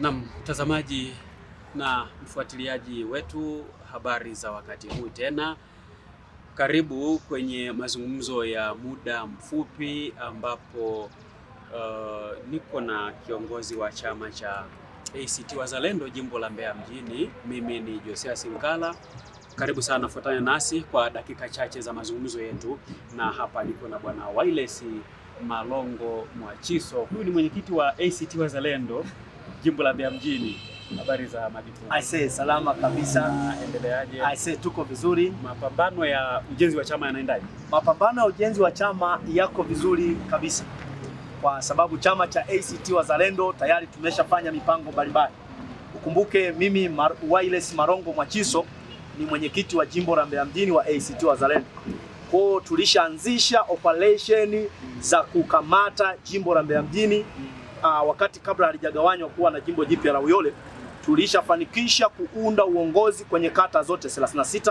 Na mtazamaji na mfuatiliaji wetu, habari za wakati huu tena. Karibu kwenye mazungumzo ya muda mfupi ambapo uh, niko na kiongozi wa chama cha ACT Wazalendo jimbo la Mbeya mjini. Mimi ni Josea Sinkala. Karibu sana, fuatana nasi kwa dakika chache za mazungumzo yetu, na hapa niko na bwana Wailesi Malongo Mwachiso. Huyu ni mwenyekiti wa ACT Wazalendo jimbo la Mbeya mjini. Habari za Madipo? Aise, salama kabisa. Endeleaje? Aise, tuko vizuri. Mapambano ya ujenzi wa chama yanaendaje? Mapambano ya ujenzi wa chama yako vizuri kabisa, kwa sababu chama cha ACT Wazalendo tayari tumeshafanya mipango mbalimbali. Ukumbuke mimi Mar Wireless Marongo Mwachiso ni mwenyekiti wa jimbo la Mbeya mjini wa ACT Wazalendo. Kwao tulishaanzisha operation za kukamata jimbo la Mbeya mjini mm uh, wakati kabla halijagawanywa kuwa na jimbo jipya la Uyole tulishafanikisha kuunda uongozi kwenye kata zote 36.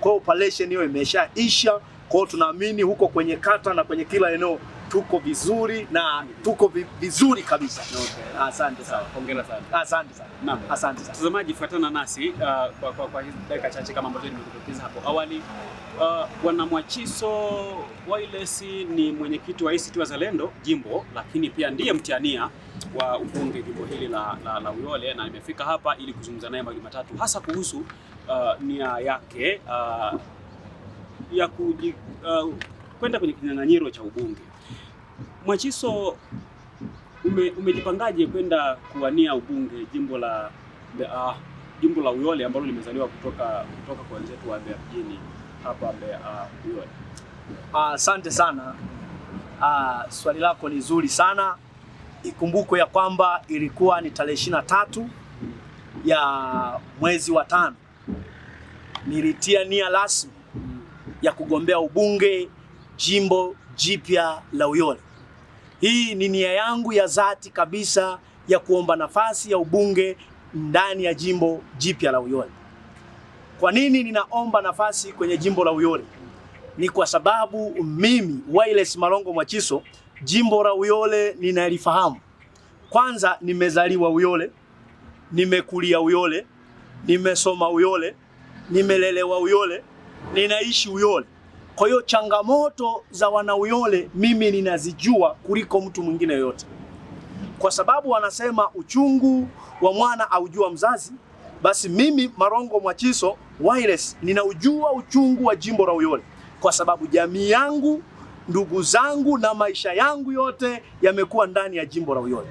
Kwa hiyo operation hiyo imeshaisha. Kwa hiyo tunaamini huko kwenye kata na kwenye kila eneo tuko vizuri na tuko vizuri kabisa. Okay. Asante sana. Hongera sana. Asante sana. Naam, asante sana. Mtazamaji, fuatana nasi uh, kwa, kwa, kwa hizi dakika chache kama ambavyo nimekutokeza hapo awali. Uh, Bwana Mwachiso Wireless ni mwenyekiti wa ACT Wazalendo jimbo, lakini pia ndiye mtiania wa ubunge jimbo hili la, la, la Uyole na nimefika hapa ili kuzungumza naye mawili matatu hasa kuhusu uh, nia yake uh, ya kuji, uh, kwenda kwenye kinyang'anyiro cha ubunge. Mwachiso, ume, umejipangaje kwenda kuwania ubunge jimbo la uh, jimbo la Uyole ambalo limezaliwa kutoka kutoka kwa wenzetu wa Mbeya mjini hapa Mbeya uh, Uyole? Ah, asante uh, sana uh, swali lako ni zuri sana. Ikumbukwe ya kwamba ilikuwa ni tarehe ishirini na tatu ya mwezi wa tano nilitia nia rasmi ya kugombea ubunge jimbo jipya la Uyole hii ni nia yangu ya dhati kabisa ya kuomba nafasi ya ubunge ndani ya jimbo jipya la Uyole. Kwa nini ninaomba nafasi kwenye jimbo la Uyole? Ni kwa sababu mimi Wireless Malongo Mwachiso jimbo la Uyole ninalifahamu. Kwanza, nimezaliwa Uyole, nimekulia Uyole, nimesoma Uyole, nimelelewa Uyole, ninaishi Uyole. Kwa hiyo changamoto za wanauyole mimi ninazijua kuliko mtu mwingine yoyote, kwa sababu wanasema uchungu wa mwana aujua mzazi. Basi mimi Marongo Mwachiso Wireless ninaujua uchungu wa jimbo la Uyole kwa sababu jamii yangu, ndugu zangu na maisha yangu yote yamekuwa ndani ya jimbo la Uyole.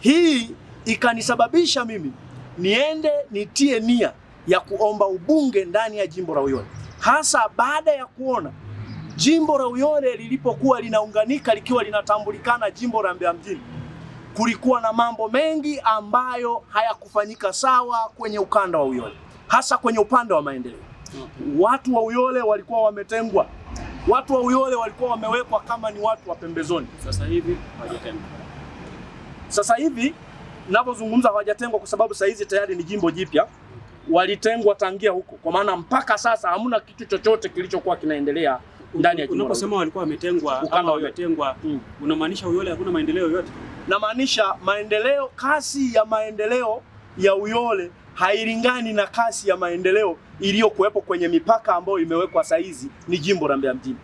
Hii ikanisababisha mimi niende nitie nia ya kuomba ubunge ndani ya jimbo la Uyole hasa baada ya kuona jimbo la Uyole lilipokuwa linaunganika likiwa linatambulikana jimbo la Mbeya mjini, kulikuwa na mambo mengi ambayo hayakufanyika sawa kwenye ukanda wa Uyole, hasa kwenye upande wa maendeleo. Watu wa Uyole walikuwa wametengwa, watu wa Uyole walikuwa wamewekwa kama ni watu wa pembezoni. Sasa hivi hawajatengwa, sasa hivi ninapozungumza hawajatengwa kwa sababu sasa hizi tayari ni jimbo jipya walitengwa tangia huko, kwa maana mpaka sasa hamna kitu chochote kilichokuwa kinaendelea ndani ya Kimara. Unaposema walikuwa wametengwa ama wametengwa, mm. unamaanisha Uyole hakuna maendeleo na Namaanisha maendeleo, kasi ya maendeleo ya Uyole hailingani na kasi ya maendeleo iliyokuwepo kwenye mipaka ambayo imewekwa saizi ni jimbo la Mbeya mjini.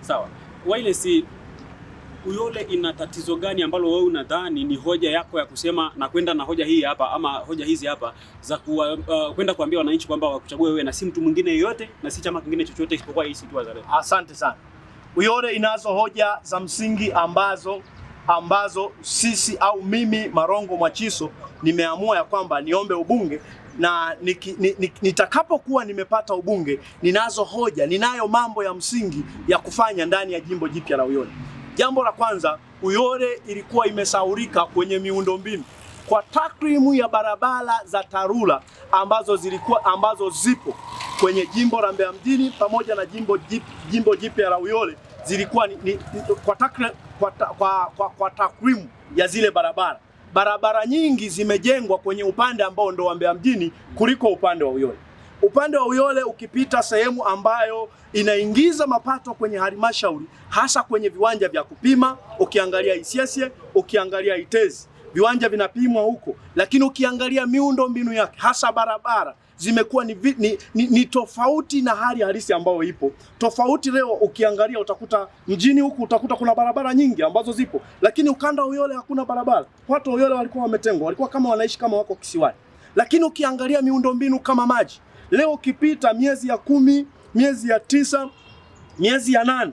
Sawa. Wireless uyole ina tatizo gani ambalo wewe unadhani ni hoja yako ya kusema na kwenda na hoja hii hapa ama hoja hizi hapa za kuwa, uh, kwenda kuambia wananchi kwamba wakuchague wewe na si mtu mwingine yeyote na si chama kingine chochote isipokuwa hii ACT Wazalendo? Asante sana. Uyole inazo hoja za msingi ambazo ambazo sisi au mimi Marongo Mwachiso nimeamua ya kwamba niombe ubunge na nitakapokuwa nimepata ubunge, ninazo hoja, ninayo mambo ya msingi ya kufanya ndani ya jimbo jipya la Uyole. Jambo la kwanza, Uyole ilikuwa imesaurika kwenye miundombinu kwa takwimu ya barabara za TARURA ambazo zilikuwa ambazo zipo kwenye jimbo la Mbeya mjini pamoja na jimbo jip, jimbo jipya la Uyole zilikuwa ni, ni, kwa, takre, kwa, kwa, kwa, kwa takwimu ya zile barabara barabara nyingi zimejengwa kwenye upande ambao ndo wa Mbeya mjini kuliko upande wa Uyole. Upande wa Uyole ukipita sehemu ambayo inaingiza mapato kwenye halmashauri, hasa kwenye viwanja vya kupima, ukiangalia Isyesye, ukiangalia Itezi, viwanja vinapimwa huko, lakini ukiangalia miundo mbinu yake, hasa barabara zimekuwa ni, ni, ni, ni tofauti na hali halisi ambayo ipo. Tofauti leo ukiangalia utakuta mjini huku utakuta kuna barabara nyingi ambazo zipo, lakini ukanda wa Uyole hakuna barabara. Watu wa Uyole walikuwa wametengwa, walikuwa kama wanaishi kama wako kisiwani. Lakini ukiangalia miundombinu kama maji Leo ukipita miezi ya kumi, miezi ya tisa, miezi ya nane,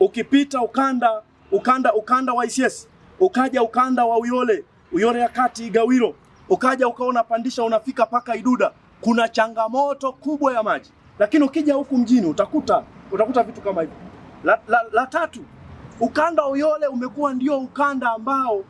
ukipita ukanda ukanda ukanda wa ICS, ukaja ukanda wa Uyole, Uyole ya kati, Igawilo, ukaja ukawa unapandisha unafika paka Iduda, kuna changamoto kubwa ya maji, lakini ukija huku mjini utakuta utakuta vitu kama hivyo. La, la, la tatu, ukanda wa Uyole umekuwa ndio ukanda ambao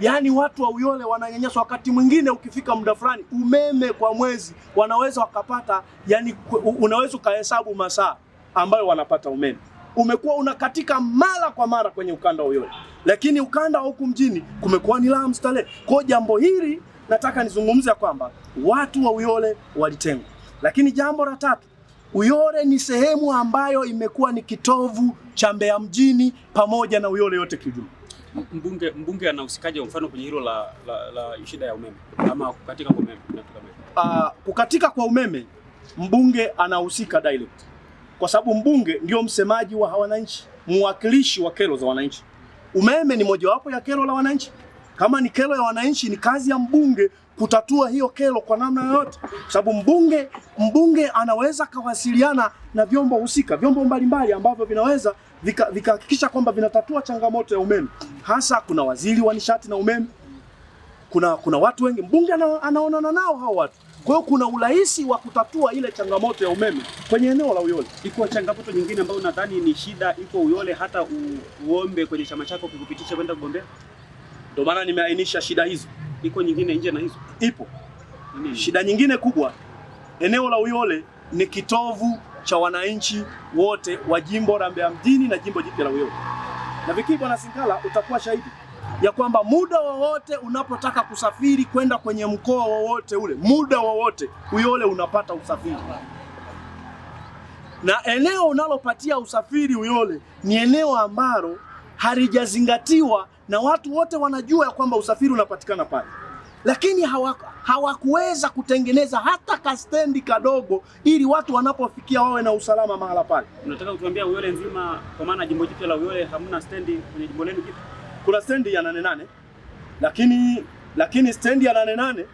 Yaani watu wa Uyole wananyanyaswa. Wakati mwingine ukifika muda fulani, umeme kwa mwezi wanaweza wakapata, yani unaweza ukahesabu masaa ambayo wanapata umeme umekuwa unakatika mara kwa mara kwenye ukanda wa Uyole, lakini ukanda wa huku mjini kumekuwa ni laa mstarehe. Kwa jambo hili nataka nizungumze kwamba watu wa Uyole walitengwa, lakini jambo la tatu Uyole ni sehemu ambayo imekuwa ni kitovu cha Mbeya mjini pamoja na Uyole yote kijumla. Mbunge mbunge anahusikaje mfano kwenye hilo la, la, la shida ya umeme ama kukatika kwa umeme? Uh, kukatika kwa umeme mbunge anahusika direct, kwa sababu mbunge ndio msemaji wa wananchi, mwakilishi wa kero za wananchi. Umeme ni mojawapo ya kero la wananchi. Kama ni kero ya wananchi, ni kazi ya mbunge kutatua hiyo kero kwa namna yoyote, sababu mbunge mbunge anaweza kawasiliana na vyombo husika, vyombo mbalimbali ambavyo vinaweza vikahakikisha vika kwamba vinatatua changamoto ya umeme. Hasa kuna waziri wa nishati na umeme, kuna kuna watu wengi mbunge ana, anaonana nao hao watu. Kwa hiyo kuna urahisi wa kutatua ile changamoto ya umeme kwenye eneo la Uyole. Iko changamoto nyingine ambayo nadhani ni shida iko Uyole, hata u, uombe kwenye chama chako kikupitisha kwenda kugombea. Ndio maana nimeainisha shida hizo iko nyingine nje na hizo ipo. Nini? Shida nyingine kubwa, eneo la Uyole ni kitovu cha wananchi wote wa jimbo la Mbeya mjini na jimbo jipya la Uyole, na vikii, bwana Singala, utakuwa shahidi ya kwamba muda wowote unapotaka kusafiri kwenda kwenye mkoa wowote ule, muda wowote Uyole unapata usafiri, na eneo unalopatia usafiri Uyole ni eneo ambalo halijazingatiwa na watu wote wanajua ya kwamba usafiri unapatikana pale, lakini hawakuweza hawa kutengeneza hata kastendi kadogo ili watu wanapofikia wawe na usalama mahala pale. Unataka kutuambia Uyole nzima, kwa maana jimbo jipya la Uyole hamna stendi kwenye jimbo lenu jipya? Kuna stendi ya Nane Nane, lakini lakini stendi ya Nane Nane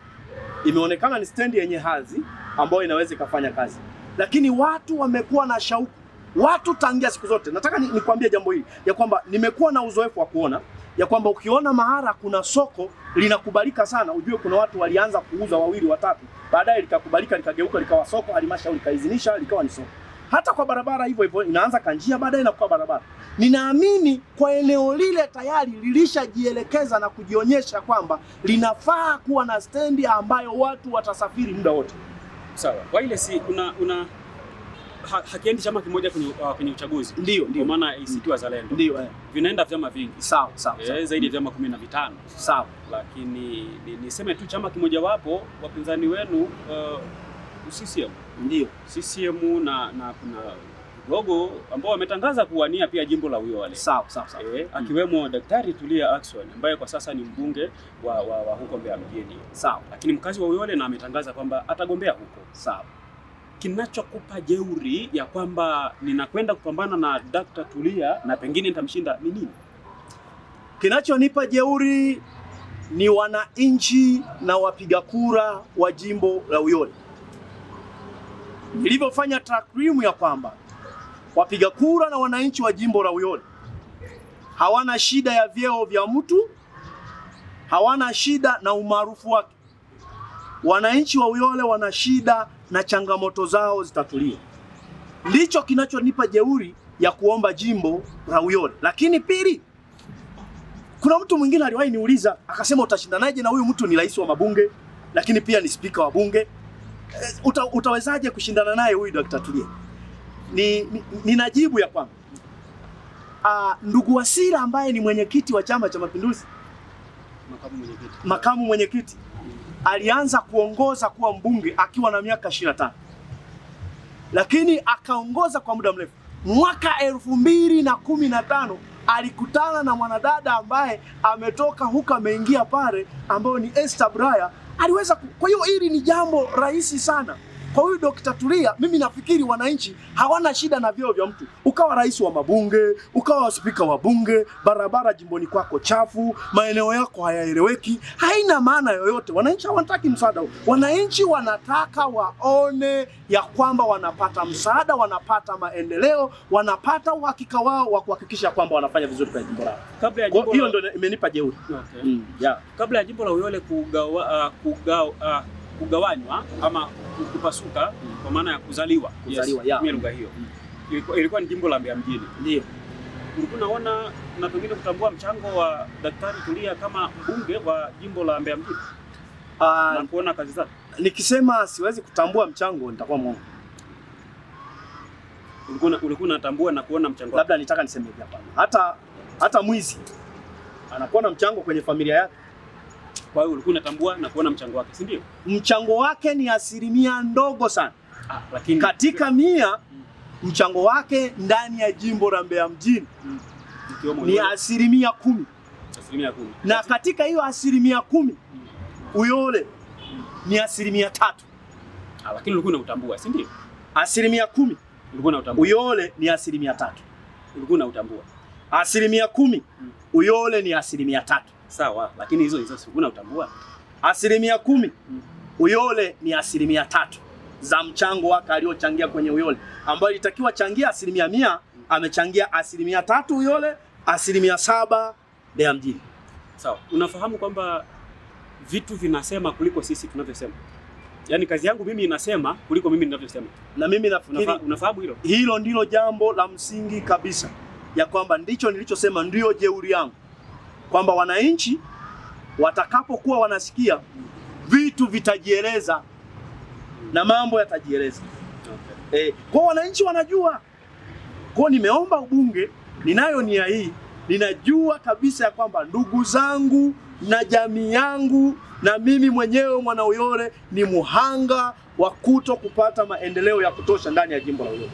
imeonekana ni stendi yenye hadhi ambayo inaweza ikafanya kazi, lakini watu wamekuwa na shauku, watu tangia siku zote. Nataka nikwambie ni jambo hili ya kwamba nimekuwa na uzoefu wa kuona ya kwamba ukiona Mahara kuna soko linakubalika sana, ujue kuna watu walianza kuuza wawili watatu, baadaye likakubalika likageuka likawa soko, halmashauri ikaidhinisha likawa ni soko. Hata kwa barabara hivyo hivyo, inaanza kanjia, baadaye inakuwa barabara. Ninaamini kwa eneo lile tayari lilishajielekeza na kujionyesha kwamba linafaa kuwa na stendi ambayo watu watasafiri muda wote. Sawa, kwa ile si kuna una ha, hakiendi chama kimoja kwenye, uh, kwenye uchaguzi. Ndio, ndio. maana ACT e Wazalendo. Ndio, eh. Vinaenda vyama vingi. Sawa, sawa. Eh, zaidi ya vyama 15. Sawa. Lakini niseme ni tu chama kimojawapo wapinzani wenu uh, CCM. Ndio. CCM na na kuna dogo ambao wametangaza kuwania pia jimbo la Uyole. Sawa, sawa, sawa. eh, mm. akiwemo mm. Daktari Tulia Ackson ambaye kwa sasa ni mbunge wa, wa, wa huko Mbeya mjini. Sawa. Lakini mkazi wa Uyole na ametangaza kwamba atagombea huko. Sawa kinachokupa jeuri ya kwamba ninakwenda kupambana na Dr. Tulia na pengine nitamshinda ni nini? Kinachonipa jeuri ni wananchi na wapiga kura wa jimbo la Uyole. Nilivyofanya takwimu ya kwamba wapiga kura na wananchi wa jimbo la Uyole hawana shida ya vyeo vya mtu, hawana shida na umaarufu wake. Wananchi wa Uyole wana shida na changamoto zao zitatulia. Ndicho kinachonipa jeuri ya kuomba jimbo la Uyole. Lakini pili, kuna mtu mwingine aliwahi niuliza akasema, utashindanaje na huyu mtu ni rais wa mabunge, lakini pia ni spika wa bunge, eh, uta, utawezaje kushindana naye huyu Dr. Tulia? Ni, ni, ninajibu ya kwamba Uh, ndugu Wasira ambaye ni mwenyekiti wa Chama cha Mapinduzi, makamu mwenyekiti, makamu mwenyekiti alianza kuongoza kuwa mbunge akiwa na miaka 25 lakini akaongoza kwa muda mrefu. Mwaka elfu mbili na kumi na tano alikutana na mwanadada ambaye ametoka huko ameingia pale, ambayo ni Esther Braya aliweza. Kwa hiyo hili ni jambo rahisi sana. Kwa huyu Dr. Tulia, mimi nafikiri wananchi hawana shida na vyeo vya mtu, ukawa rais wa mabunge, ukawa spika wa bunge, barabara jimboni kwako chafu, maeneo yako hayaeleweki, haina maana yoyote. Wananchi hawataki msaada huu. Wananchi wanataka waone ya kwamba wanapata msaada, wanapata maendeleo, wanapata uhakika wao wa kuhakikisha kwamba wanafanya vizuri kwa jimbo lao. Kabla ya jimbo hiyo ndio imenipa jeuri. Okay. Mm, yeah. Kabla ya jimbo la Uyole kugawa, uh, kugawa uh, kugawanywa ama kupasuka kwa maana ya kuzaliwa, kuzaliwa yes, lugha hiyo ilikuwa, ilikuwa ni jimbo la Mbeya mjini ndio ulikuwa unaona na pengine kutambua mchango wa Daktari Tulia kama mbunge wa jimbo la Mbeya mjini uh, na kuona kazi zake. Nikisema siwezi kutambua mchango nitakuwa mwongo. Ulikuwa ulikuwa unatambua na kuona mchango. Labda nitaka niseme hivi hapa. Hata hata mwizi anakuwa na mchango kwenye familia yake. Kwa hiyo ulikuwa unatambua na kuona mchango wake, si ndio? Mchango wake ni asilimia ndogo sana. Ah, lakini katika mia mchango wake ndani ya jimbo la Mbeya mjini hmm. ni asilimia kumi. asilimia kumi na katika hiyo asilimia kumi mm. Uyole hmm. ni asilimia tatu. Ah, lakini ulikuwa unautambua, si ndio? asilimia kumi ulikuwa unatambua. Uyole ni asilimia tatu ulikuwa unatambua. asilimia kumi hmm. Uyole ni asilimia tatu sawa, lakini hizo hizo unatambua asilimia kumi Uyole ni asilimia tatu za mchango wake aliochangia kwenye Uyole, ambayo ilitakiwa changia asilimia mia, amechangia asilimia tatu Uyole, asilimia saba Dea mjini. Sawa, unafahamu kwamba vitu vinasema kuliko sisi tunavyosema. Yaani kazi yangu mimi inasema kuliko mimi ninavyosema. Na mimi nafikiri unafahamu hilo. Hilo ndilo jambo la msingi kabisa ya kwamba ndicho nilichosema ndio jeuri yangu kwamba wananchi watakapokuwa wanasikia vitu vitajieleza na mambo yatajieleza. Okay. E, kwa wananchi wanajua. Kwa nimeomba ubunge, ninayo nia hii, ninajua kabisa ya kwamba ndugu zangu na jamii yangu na mimi mwenyewe mwana Uyole ni muhanga wa kuto kupata maendeleo ya kutosha ndani ya jimbo la Uyole.